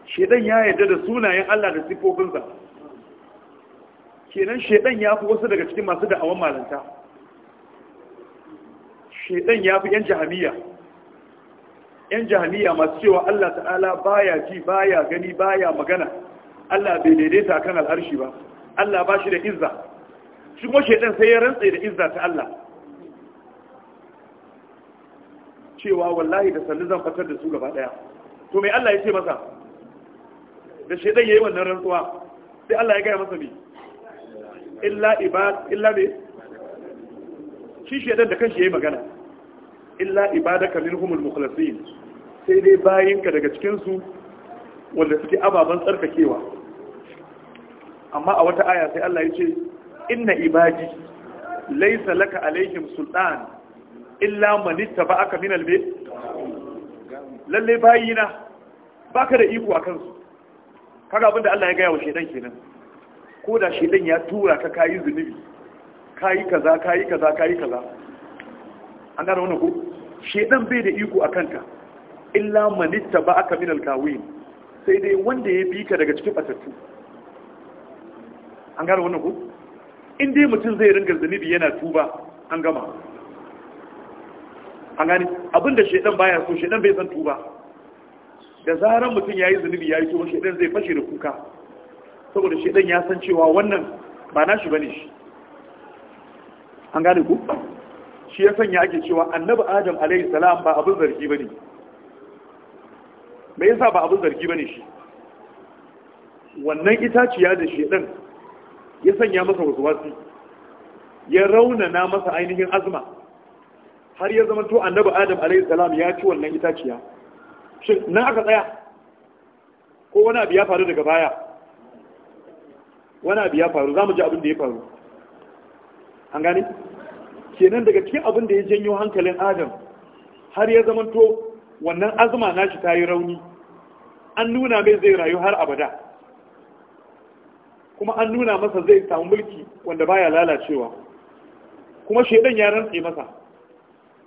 shedan ya yarda da sunayen Allah da sifofinsa kenan shaidan ya fi wasu daga cikin masu da'awan malanta shaidan ya fi yan jahamiya yan jahamiya masu cewa Allah ta'ala baya ji baya gani baya magana Allah bai daidaita kan al'arshi ba Allah ba shi da izza shi kuma shaidan sai ya rantsa da izza ta Allah cewa wallahi da sallu zan fatar da su gaba daya to mai Allah ya ce masa da shaidan yayi wannan rantsuwa sai Allah ya gaya masa bi illa ibad illa ne shi shedan da kanshi yayi magana illa ibadaka minhumul mukhlasin sai dai bayinka daga cikin su wanda suke ababan tsarkakewa amma a wata aya sai Allah ya ce inna ibadi laysa laka alaihim sultan illa man ittaba'aka min albayt lalle bayina baka da iko akan su kaga abinda Allah ya ga yawa shedan kenan ko da shedan ya tura ka kayi zunubi kayi kaza kayi kaza kayi kaza an gane wannan ko shedan bai da iko a kanka illa manitta ba aka min alkawin sai dai wanda ya bi ka daga cikin batattu an gane wannan ko in dai mutum zai ringa zunubi yana tuba an gama an gane abinda shedan baya so shedan bai san tuba da zarar mutum ya yi zunubi yi tuba shedan zai fashe da kuka saboda shi ɗan ya san cewa wannan ba nashi ne shi an gane ku shi ya sanya ake cewa annabi adam alaihi salam ba abin zargi ba ne. me yasa ba abin zargi ba ne shi wannan itaciya da shi ɗan ya sanya masa waswasi ya raunana masa ainihin azma har ya zama to annabi adam alaihi salam ya ci wannan itaciya shin nan aka tsaya ko wani abu ya faru daga baya wani abu ya faru za mu ji abin da ya faru an gane kenan daga cikin abin da ya janyo hankalin adam har ya zamanto wannan azuma nashi ta yi rauni an nuna mai zai rayu har abada kuma an nuna masa zai samu mulki wanda baya lalacewa kuma shaidan ya rantse masa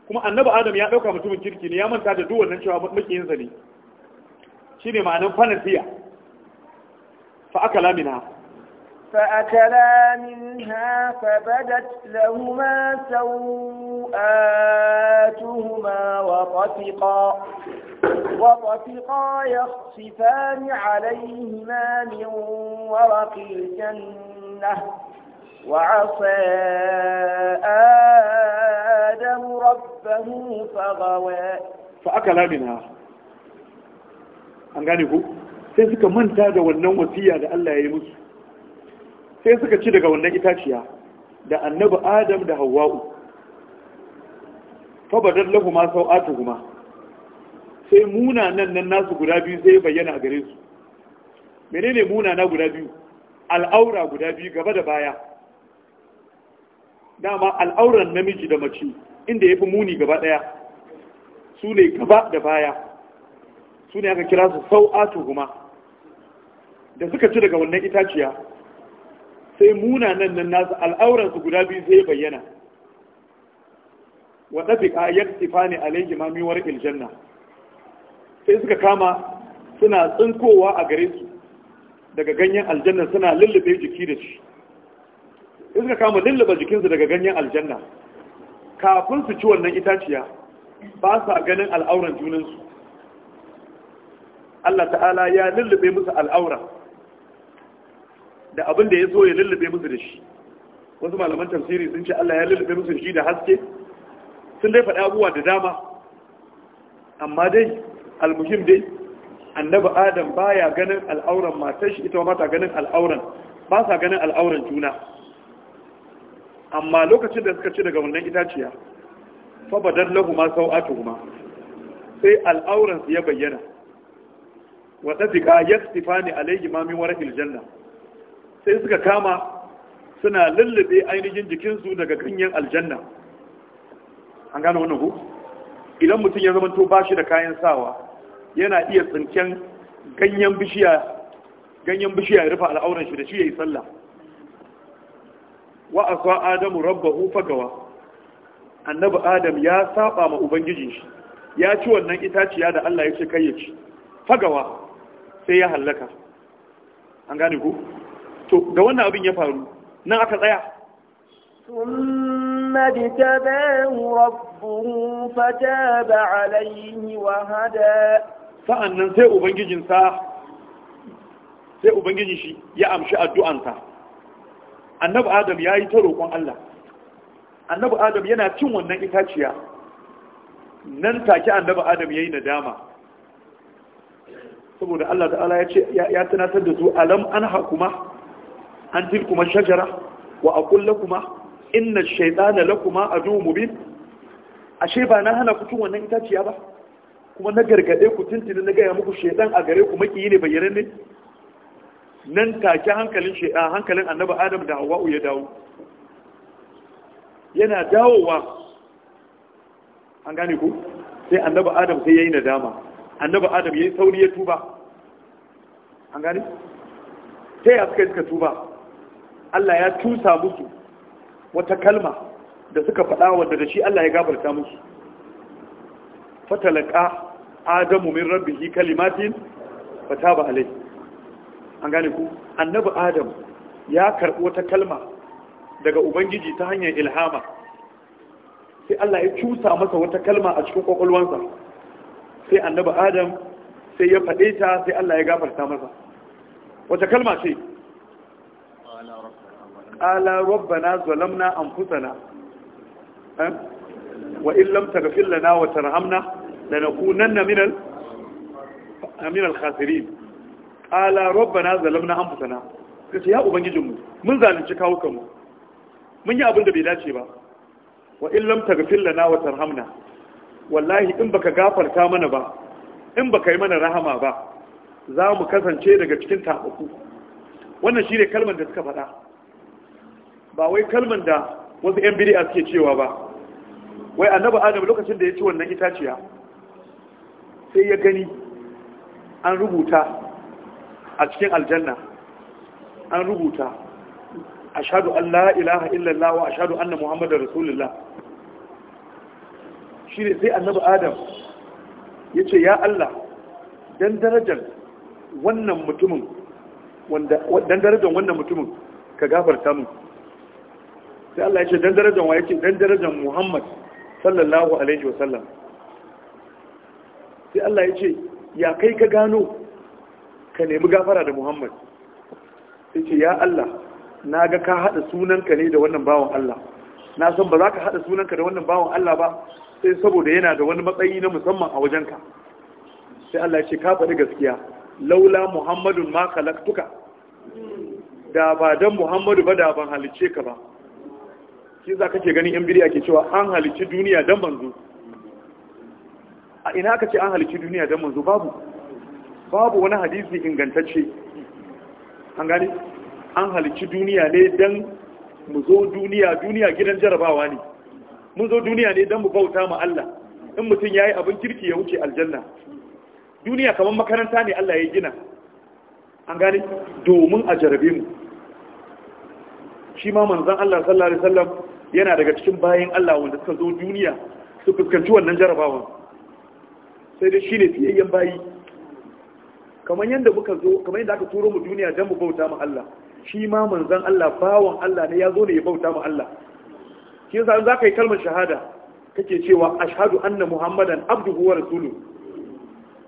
kuma annabi adam ya dauka mutumin kirki ne ya manta da duk wannan cewa makiyinsa ne shine fanasiya fa aka lamina فأكلا منها فبدت لهما سوآتهما وطفقا وطفقا يخصفان عليهما من ورق الجنة وعصى آدم ربه فغوى فأكلا منها أنقاني هو sai suka manta da فيها wasiya da sai suka ci daga wannan itaciya da annabi adam da hawa'u fabadar ma sau'atu guma. sai munanan nan nasu guda biyu zai bayyana a gare su menene munana guda biyu al'aura guda biyu gaba da baya dama al'auran namiji da mace inda ya fi muni gaba daya su ne gaba da baya su ne aka kira su sau'atu guma. da suka ci daga wannan itaciya sai munanan nan nasu al'auransu guda biyu sai bayyana wadda bi a yaktifa ne alaihi ma miwar iljanna sai suka kama suna tsinkowa a gare su daga ganyen aljanna suna lullube jiki da shi sai suka kama lullube jikinsu daga ganyen aljanna kafin su ci wannan itaciya ba sa ganin al'auran junansu Allah ta'ala ya lullube musu al'aura da abin da ya so ya lullube musu da shi wasu malaman tafsiri sun ce Allah ya lullube musu da shi da haske sun dai faɗi abubuwa da dama amma dai almuhim dai annabi adam baya ganin al'auran matar shi ita ba ta ganin al'auran ba sa ganin al'auran juna amma lokacin da suka ci daga wannan itaciya fa badar lahu ma sau'atuhuma sai al'auran su ya bayyana wa tafika yaktifani alayhi ma min wara'il janna sai suka kama suna lullube ainihin jikinsu daga ganyen aljanna an gane wannan ku idan mutum ya zama ba shi da kayan sawa yana iya tsinken ganyen bishiya ganyen bishiya ya rufe al'auran shi da shi ya yi sallah wa asa adamu rabbahu fagawa annabi adam ya saba ma ubangijin shi ya ci wannan itaciya da Allah ya ce kai ya ci fagawa sai ya hallaka an gane ku to da wannan abin ya faru nan aka tsaya ثم اجتباه ربه sa'annan sai ubangijinsa sai ubangijin shi ya amshi addu'ansa annabi adam ya yi ta roƙon Allah annabi adam yana cin wannan itaciya nan take annabi adam ya yi nadama saboda Allah ta'ala ya ce ya tunatar da su alam an kuma an tilkuma shajara wa aqul lakuma inna ash-shaytana lakuma aduwwun mubin ashe ba na hana ku cin wannan itaciya ba kuma na gargade ku tuntuni na gaya muku shaidan a gare ku yi ne bayyana ne nan take hankalin shaytan hankalin annaba adam da hawa'u ya dawo yana dawowa an gane ku sai annaba adam sai yi nadama annaba adam ya yi sauri ya tuba an gane sai ya suka suka tuba Allah ya tusa musu wata kalma da suka faɗa wanda da shi Allah ya gafarta musu fatalaka adamu min rabbihi kalimatin fataba alai an gane ku annabi adam ya karɓi wata kalma daga ubangiji ta hanyar ilhama sai Allah ya cusa masa wata kalma a cikin kwakwalwansa sai annabi adam sai ya faɗe ta sai Allah ya gafarta masa wata kalma ce ta'ala rabbana zalamna anfusana eh, wa in lam taghfir lana wa tarhamna lanakunanna minal minal khasirin qala rabbana zalamna anfusana kace ya ubangijinmu mun zalunci kawo kanmu mun yi abin da bai dace ba wa in lam taghfir lana wa tarhamna wallahi in baka gafarta mana ba in baka yi mana rahama ba za mu kasance daga cikin tabaku wannan shine kalmar da suka faɗa ba wai kalman da wasu 'yan a suke cewa ba wai annaba adam lokacin da ya ci wannan itaciya sai ya gani an rubuta a cikin aljanna an rubuta a shaɗu Allah ilaha illallah wa shaɗu annan Muhammadu rasulullah shi ne sai annaba adam ya ce ya Allah don darajar wannan mutumin wanda don darajar wannan mutumin ka gafarta mun sai Allah ya ce dan darajar wa yake dan darajar Muhammad sallallahu alaihi wa sallam sai Allah ya ce ya kai ka gano ka nemi gafara da Muhammad sai ce ya Allah na ga ka haɗa sunanka ne da wannan bawan Allah na san ba za ka haɗa sunanka da wannan bawan Allah ba sai saboda yana da wani matsayi na musamman a wajenka sai Allah ya ce ka faɗi gaskiya laula Muhammadun ma khalaqtuka da ba dan Muhammadu ba da ban halicce ka ba shi za ke ganin yan biriya ke cewa an halicci duniya don manzo a ina aka ce an halicci duniya don manzo babu babu wani hadisi ingantacce an gani an halicci duniya ne don mu zo duniya duniya gidan jarabawa ne mun zo duniya ne don mu bauta ma Allah in mutum ya yi abin kirki ya wuce aljanna duniya kamar makaranta ne Allah ya gina an gani domin a jarabe mu shi ma manzan Allah sallallahu Alaihi wasallam yana daga cikin bayan Allah wanda suka zo duniya su fuskanci wannan jarabawan sai dai shine fiyayyen bayi kamar yadda muka zo kamar yadda aka turo mu duniya don mu bauta mu Allah shi ma manzan Allah bawan Allah ne ya zo ne ya bauta mu Allah shi yasa za ka yi kalmar shahada kake cewa ashhadu anna muhammadan abduhu wa rasuluhu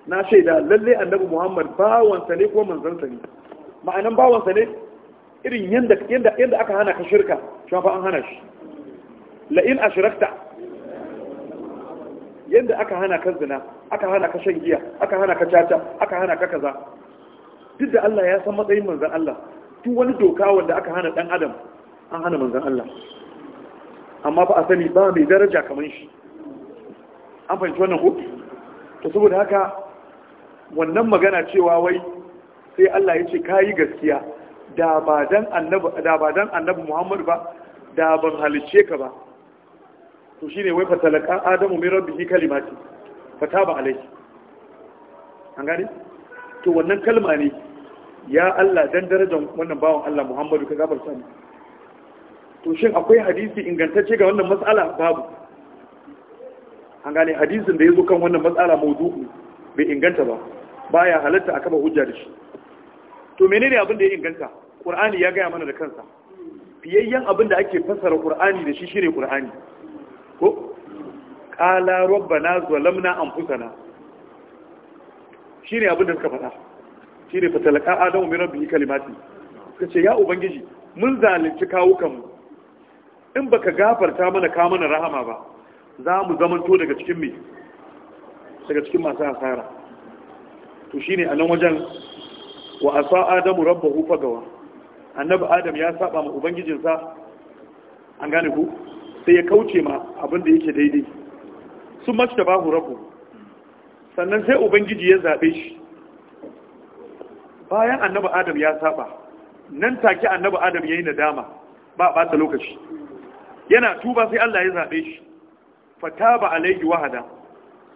na shaida lalle annabi muhammad bawansa ne ko manzansa ne ma'anan bawansa ne irin yadda aka hana ka shirka shafa an hana shi la'in shirakta yadda aka hana ka zina aka hana ka shan giya aka hana ka caca aka hana ka kaza duk da Allah ya san matsayin manzan Allah tu wani doka wanda aka hana dan adam an hana manzan Allah amma ba a sani ba mai daraja kamar shi an fahimci wannan ko to saboda haka wannan magana cewa wai sai Allah ya ce kayi gaskiya da ba dan annabi da ba dan annabi Muhammad ba da ban halice ka ba to shine wai fa talaka adamu rabbi shi kalimati fataba alaihi an gani? to wannan kalma ne ya Allah dan darajar wannan bawan Allah Muhammadu ka gabar mu to shin akwai hadisi ingantacce ga wannan matsala babu an gani hadisin da ya zo kan wannan matsala maudu'u bai inganta ba baya halatta a kaba hujja da shi to menene abin da ya inganta qur'ani ya gaya mana da kansa fiyayyen abin da ake fassara qur'ani da shi shine qur'ani ko qala rabbana zalamna anfusana shine abin da suka faɗa shine fatalaka adamu min rabbi kalimati suka ce ya ubangiji mun zalunci kawukanmu in baka gafarta mana ka mana rahama ba za mu to daga cikin mai daga cikin masu asara to shine a nan wajen wa asa adamu hufa fagawa annabi adam ya saba ma ubangijinsa an gane ku sai ya kauce ma abin da yake daidai sun mace da bahu rabu sannan sai ubangiji ya zaɓe shi bayan annaba adam ya saba nan take annaba adam ya yi nadama ba a ɓata lokaci yana tuba sai allah ya zaɓe shi fata ba alaihi wahada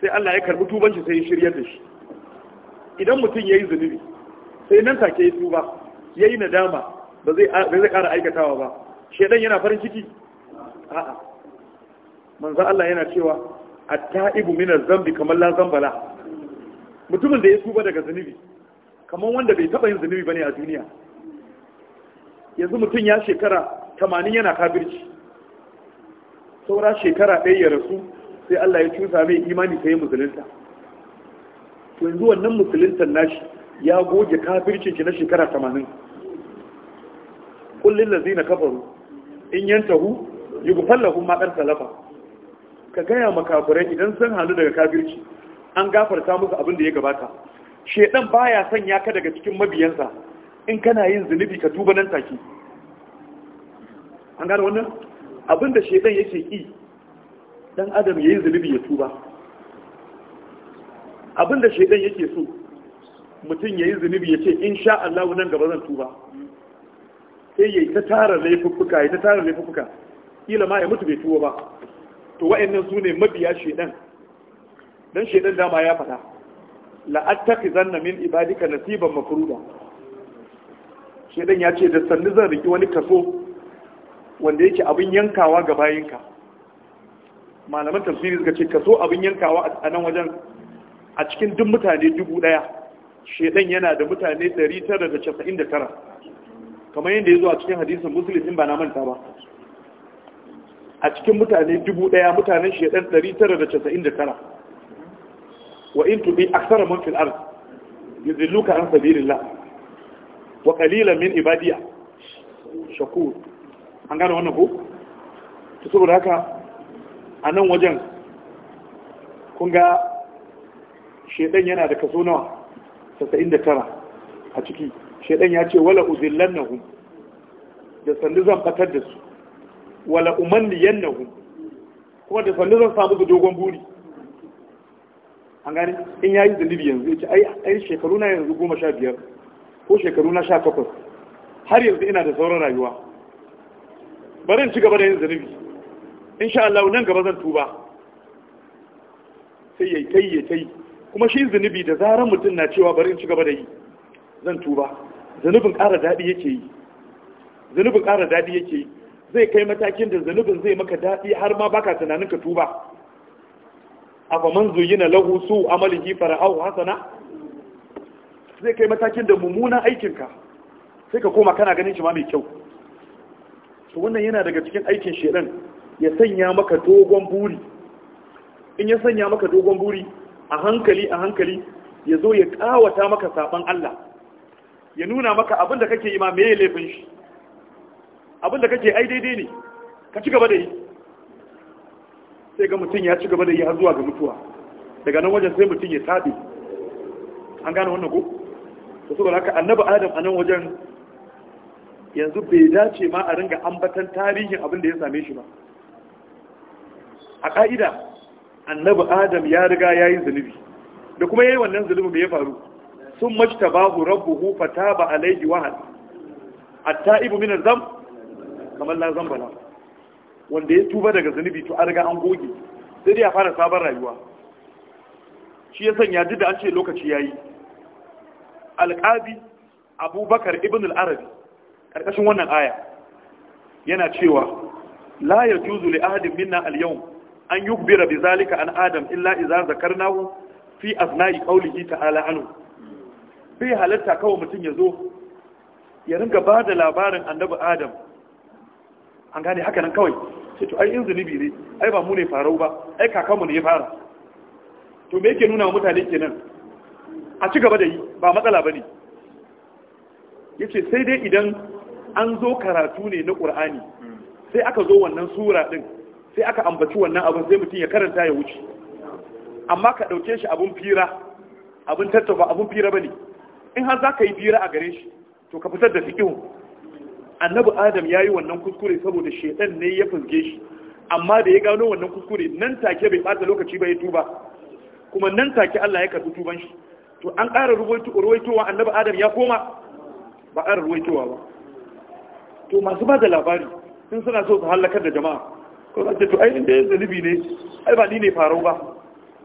sai allah ya karɓi tubanci sai ya shirya da shi idan mutum ya yi zunubi sai nan take ya tuba ya yi nadama ba zai ƙara aikatawa ba shaidan yana farin ciki a'a manzo Allah yana cewa at-ta'ibu min az-zambi kamar la zambala mutumin da ya tuba daga zunubi kamar wanda bai taba yin zunubi bane a duniya yanzu mutum ya shekara 80 yana kafirci saura shekara ɗaya ya rasu sai Allah ya cusa mai imani sai musulunta to yanzu wannan musuluntan nashi ya goge kafircin shi na shekara 80 kullin lazina kafaru in yantahu yughfar lahum ma qad salafa ka gaya makafirai idan sun hannu daga kafirci an gafarta musu abin da ya gabata shedan baya sanya ka daga cikin mabiyansa in kana yin zunubi ka tuba nan take an gada wannan abin da ya yake ƙi ɗan adam ya yi zunubi ya tuba abin da ya yake so mutum ya yi zunubi ya ce in sha Allah nan gaba zan tuba sai ya ta tara laifuffuka Ya ta tara laifuffuka kila ma ya mutu bai tuwo ba to wa'annan su ne mabiya shedan dan shedan dama ya faɗa zanna min ibadika nasiban makruda shedan ya ce da sannu zan riki wani kaso wanda yake abin yankawa ga bayinka malaman tafsiri suka ce kaso abin yankawa a nan wajen a cikin duk mutane dubu ɗaya shedan yana da mutane 999 kamar yadda ya zo a cikin hadisin musulun ba na manta ba a cikin mutane dubu ɗaya mutanen shedan 999 wa in tubi aksara man fil ard yudilluka an sabilillah wa qalilan min ibadiya shakur an gane wannan ko to saboda haka a nan wajen kun ga shedan yana da kaso nawa 99 a ciki shedan ya ce wala uzillannahum da sandu zan fatar da su wala umanni yannahu kuma da sannu zan samu da dogon buri an gani in yayi zunubi yanzu yace ai ai shekaru na yanzu goma sha biyar ko shekaru na sha takwas har yanzu ina da sauran rayuwa bari in ci gaba da yin zunubi insha Allah nan gaba zan tuba sai yayi kai ya kai kuma shi zanibi da zarar mutum na cewa bari in ci gaba da yi zan tuba zunubin ƙara daɗi yake yi zunubin ƙara daɗi yake yi zai kai matakin da zanubin zai maka daɗi har ma baka tunanin ka tuba afa man zuyina lahu su yi fara'ahu hasana zai kai matakin da mummunan aikinka sai ka koma kana ganin shi ma mai kyau to wannan yana daga cikin aikin shedan ya sanya maka dogon buri in ya sanya maka dogon buri a hankali a hankali ya zo ya kawata maka saban Allah ya nuna maka abin da kake yi ma me laifin shi abin da kake ai daidai ne ka ci gaba da yi sai ga mutum ya ci gaba da yi har zuwa ga mutuwa daga nan wajen sai mutum ya tabi an gane wannan ko to saboda haka annabi adam a nan wajen yanzu bai dace ma a ringa ambatan tarihin abin da ya same shi ba a ka'ida annabi adam ya riga ya yi zunubi da kuma ya yi wannan zulumin da ya faru sun majtabahu rabbuhu fataba alaihi wahal at-ta'ibu min adh-dhanb kamar lazan bala wanda ya tuba daga zunubi to an an goge sai dai a fara sabon rayuwa shi ya sanya duk da an ce lokaci ya yi. alƙabi abubakar ibn al-arabi ƙarƙashin wannan aya yana cewa la juzu li ahadin minna al-yawm an yukbira bi zalika an adam illa idza zakarnahu fi asna'i qawlihi ta'ala anhu bai halatta kawai mutum ya zo ya ringa ba da labarin annabi adam an gane haka nan kawai sai to ai in ne ai ba mu ne farau ba ai kakanmu ne ya fara to me yake nuna wa mutane kenan a ci gaba da yi ba matsala bane yace sai dai idan an zo karatu ne na Qur'ani sai aka zo wannan sura din sai aka ambaci wannan abin sai mutum ya karanta ya wuce amma ka dauke shi abun fira abun tattaba abun fira bane in har za ka yi fira a gare shi to ka fitar da fiqhu annabi adam ya yi wannan kuskure saboda shaidan ne ya fuske shi amma da ya gano wannan kuskure nan take bai bata lokaci ba ya tuba kuma nan take Allah ya karɓi tuban shi to an ƙara ruwaitowa annabi adam ya koma ba ƙara ruwaitowa ba to masu ba da labari sun suna so su hallakar da jama'a ko za to ai inda ya zanubi ne ai ba ni ne farau ba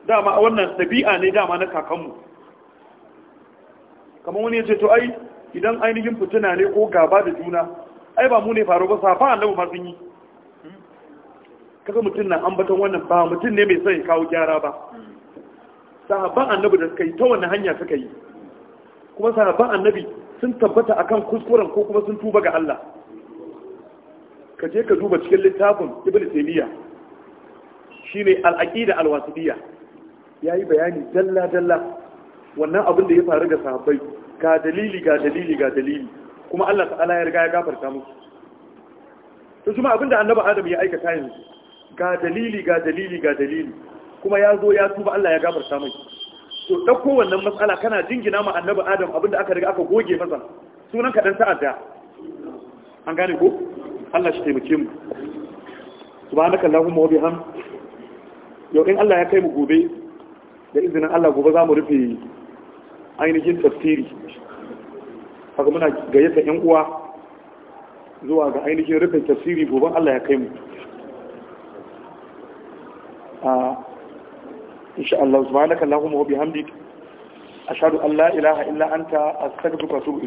dama wannan ɗabi'a ne dama na kakanmu kamar wani ya ce to ai idan ainihin fitina ne ko gaba da juna ai ba mu ne faru ba safa annabi ma sun yi kaga mutum na ambaton wannan ba mutum ne mai son ya kawo gyara ba sahabban annabi da suka yi ta wannan hanya suka yi kuma sahabban annabi sun tabbata akan kuskuren ko kuma sun tuba ga Allah ka je ka duba cikin littafin ibnu taymiya shine al-aqida al-wasitiyya yayi bayani dalla dalla wannan abin da ya faru ga sahabbai ga dalili ga dalili ga dalili kuma Allah ta'ala ya riga ya gafarta musu to kuma abinda annabi Adam ya aikata yanzu ga dalili ga dalili ga dalili kuma ya zo ya tuba Allah ya gafarta mai to dauko wannan matsala kana jingina ma annabi Adam abinda aka riga aka goge masa sunan ka dan ta'adda an gane ko Allah shi taimake mu subhanaka allahumma wa biham yau in Allah ya kai mu gobe da izinin Allah gobe za mu rufe ainihin tafsiri haka muna gayyata yan uwa zuwa ga ainihin rufin tasiri, gobe Allah ya kai mu a insha Allah subhanaka Allahumma wa bihamdik ashhadu an la ilaha illa anta astaghfiruka wa atubu